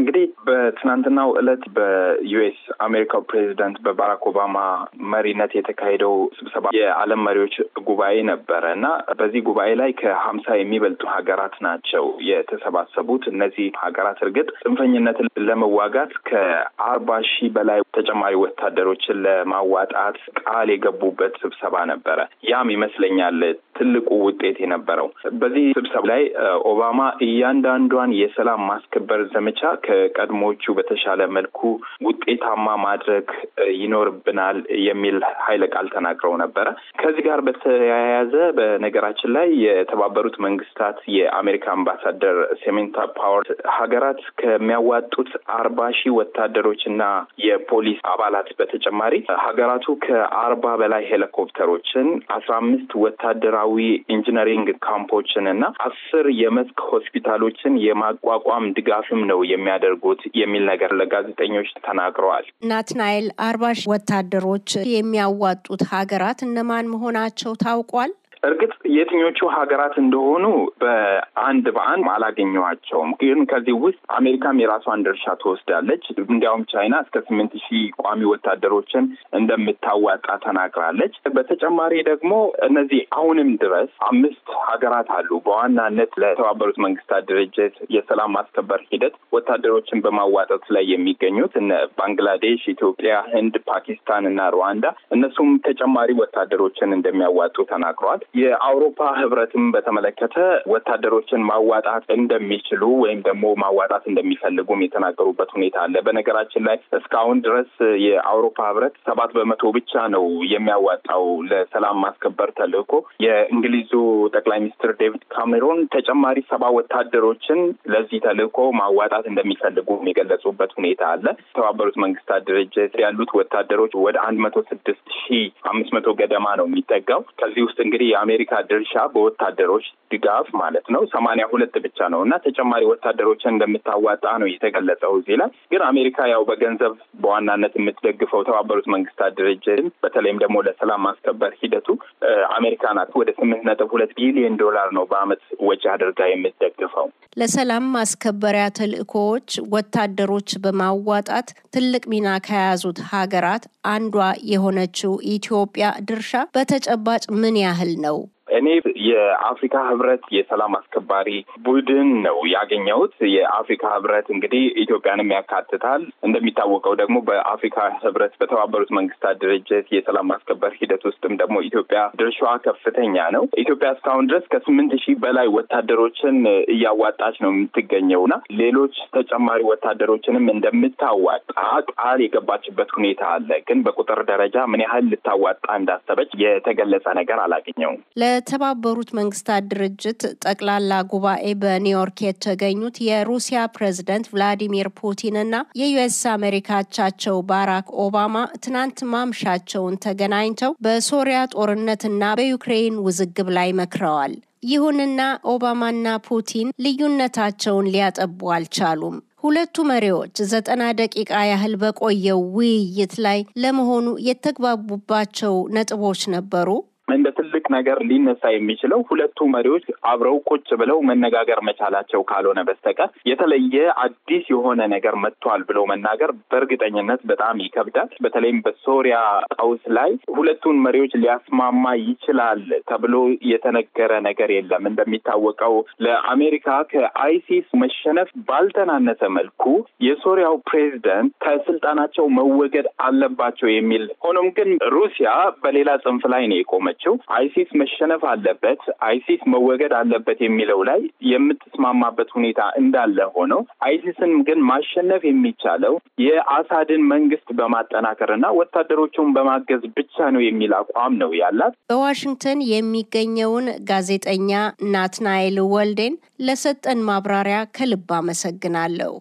እንግዲህ በትናንትናው ዕለት በዩኤስ አሜሪካው ፕሬዚደንት በባራክ ኦባማ መሪነት የተካሄደው ስብሰባ የዓለም መሪዎች ጉባኤ ነበረ እና በዚህ ጉባኤ ላይ ከሀምሳ የሚበልጡ ሀገራት ናቸው የተሰባሰቡት። እነዚህ ሀገራት እርግጥ ጽንፈኝነትን ለመዋጋት ከአርባ ሺህ በላይ ተጨማሪ ወታደሮችን ለማዋጣት ቃል የገቡበት ስብሰባ ነበረ። ያም ይመስለኛል ትልቁ ውጤት የነበረው። በዚህ ስብሰባ ላይ ኦባማ እያንዳንዷን የሰላም ማስከበር ዘመቻ ከቀድሞቹ በተሻለ መልኩ ውጤታማ ማድረግ ይኖርብናል የሚል ኃይለ ቃል ተናግረው ነበረ። ከዚህ ጋር በተያያዘ በነገራችን ላይ የተባበሩት መንግስታት የአሜሪካ አምባሳደር ሴሜንታ ፓወር ሀገራት ከሚያዋጡት አርባ ሺህ ወታደሮች እና የፖሊስ አባላት በተጨማሪ ሀገራቱ ከአርባ በላይ ሄሊኮፕተሮችን፣ አስራ አምስት ወታደራዊ ኢንጂነሪንግ ካምፖችን እና አስር የመስክ ሆስፒታሎችን የማቋቋም ድጋፍም ነው የሚያ የሚያደርጉት የሚል ነገር ለጋዜጠኞች ተናግረዋል። ናትናኤል አርባሽ ወታደሮች የሚያዋጡት ሀገራት እነማን መሆናቸው ታውቋል? እርግጥ የትኞቹ ሀገራት እንደሆኑ በአንድ በአንድ አላገኘዋቸውም። ግን ከዚህ ውስጥ አሜሪካም የራሷን ድርሻ ትወስዳለች። እንዲያውም ቻይና እስከ ስምንት ሺህ ቋሚ ወታደሮችን እንደምታዋጣ ተናግራለች። በተጨማሪ ደግሞ እነዚህ አሁንም ድረስ አምስት ሀገራት አሉ በዋናነት ለተባበሩት መንግስታት ድርጅት የሰላም ማስከበር ሂደት ወታደሮችን በማዋጠት ላይ የሚገኙት እነ ባንግላዴሽ፣ ኢትዮጵያ፣ ህንድ፣ ፓኪስታን እና ሩዋንዳ እነሱም ተጨማሪ ወታደሮችን እንደሚያዋጡ ተናግረዋል። የአውሮፓ ህብረትን በተመለከተ ወታደሮችን ማዋጣት እንደሚችሉ ወይም ደግሞ ማዋጣት እንደሚፈልጉም የተናገሩበት ሁኔታ አለ። በነገራችን ላይ እስካሁን ድረስ የአውሮፓ ህብረት ሰባት በመቶ ብቻ ነው የሚያዋጣው ለሰላም ማስከበር ተልእኮ። የእንግሊዙ ጠቅላይ ሚኒስትር ዴቪድ ካሜሮን ተጨማሪ ሰባ ወታደሮችን ለዚህ ተልእኮ ማዋጣት እንደሚፈልጉም የገለጹበት ሁኔታ አለ። የተባበሩት መንግስታት ድርጅት ያሉት ወታደሮች ወደ አንድ መቶ ስድስት ሺህ አምስት መቶ ገደማ ነው የሚጠጋው ከዚህ ውስጥ እንግዲህ የአሜሪካ ድርሻ በወታደሮች ድጋፍ ማለት ነው ሰማንያ ሁለት ብቻ ነው እና ተጨማሪ ወታደሮችን እንደምታዋጣ ነው የተገለጸው። እዚህ ላይ ግን አሜሪካ ያው በገንዘብ በዋናነት የምትደግፈው ተባበሩት መንግስታት ድርጅትን በተለይም ደግሞ ለሰላም ማስከበር ሂደቱ አሜሪካ ናት። ወደ ስምንት ነጥብ ሁለት ቢሊዮን ዶላር ነው በአመት ወጪ አድርጋ የምትደግፈው። ለሰላም ማስከበሪያ ተልእኮዎች ወታደሮች በማዋጣት ትልቅ ሚና ከያዙት ሀገራት አንዷ የሆነችው ኢትዮጵያ ድርሻ በተጨባጭ ምን ያህል ነው? እኔ የአፍሪካ ህብረት የሰላም አስከባሪ ቡድን ነው ያገኘሁት። የአፍሪካ ህብረት እንግዲህ ኢትዮጵያንም ያካትታል። እንደሚታወቀው ደግሞ በአፍሪካ ህብረት በተባበሩት መንግስታት ድርጅት የሰላም ማስከበር ሂደት ውስጥም ደግሞ ኢትዮጵያ ድርሻዋ ከፍተኛ ነው። ኢትዮጵያ እስካሁን ድረስ ከስምንት ሺህ በላይ ወታደሮችን እያዋጣች ነው የምትገኘው እና ሌሎች ተጨማሪ ወታደሮችንም እንደምታዋጣ ቃል የገባችበት ሁኔታ አለ። ግን በቁጥር ደረጃ ምን ያህል ልታዋጣ እንዳሰበች የተገለጸ ነገር አላገኘውም። የተባበሩት መንግስታት ድርጅት ጠቅላላ ጉባኤ በኒውዮርክ የተገኙት የሩሲያ ፕሬዝደንት ቭላዲሚር እና የዩኤስ አሜሪካቻቸው ባራክ ኦባማ ትናንት ማምሻቸውን ተገናኝተው በሶሪያ ጦርነትና በዩክሬን ውዝግብ ላይ መክረዋል። ይሁንና ኦባማና ፑቲን ልዩነታቸውን ሊያጠቡ አልቻሉም። ሁለቱ መሪዎች ዘጠና ደቂቃ ያህል በቆየው ውይይት ላይ ለመሆኑ የተግባቡባቸው ነጥቦች ነበሩ? ነገር ሊነሳ የሚችለው ሁለቱ መሪዎች አብረው ቁጭ ብለው መነጋገር መቻላቸው ካልሆነ በስተቀር የተለየ አዲስ የሆነ ነገር መጥቷል ብለው መናገር በእርግጠኝነት በጣም ይከብዳል። በተለይም በሶሪያ ቀውስ ላይ ሁለቱን መሪዎች ሊያስማማ ይችላል ተብሎ የተነገረ ነገር የለም። እንደሚታወቀው ለአሜሪካ ከአይሲስ መሸነፍ ባልተናነሰ መልኩ የሶሪያው ፕሬዚደንት ከስልጣናቸው መወገድ አለባቸው የሚል ሆኖም ግን ሩሲያ በሌላ ጽንፍ ላይ ነው የቆመችው። አይሲ አይሲስ መሸነፍ አለበት፣ አይሲስ መወገድ አለበት የሚለው ላይ የምትስማማበት ሁኔታ እንዳለ ሆነው አይሲስን ግን ማሸነፍ የሚቻለው የአሳድን መንግስት በማጠናከር ና ወታደሮቹን በማገዝ ብቻ ነው የሚል አቋም ነው ያላት። በዋሽንግተን የሚገኘውን ጋዜጠኛ ናትናኤል ወልዴን ለሰጠን ማብራሪያ ከልብ አመሰግናለሁ።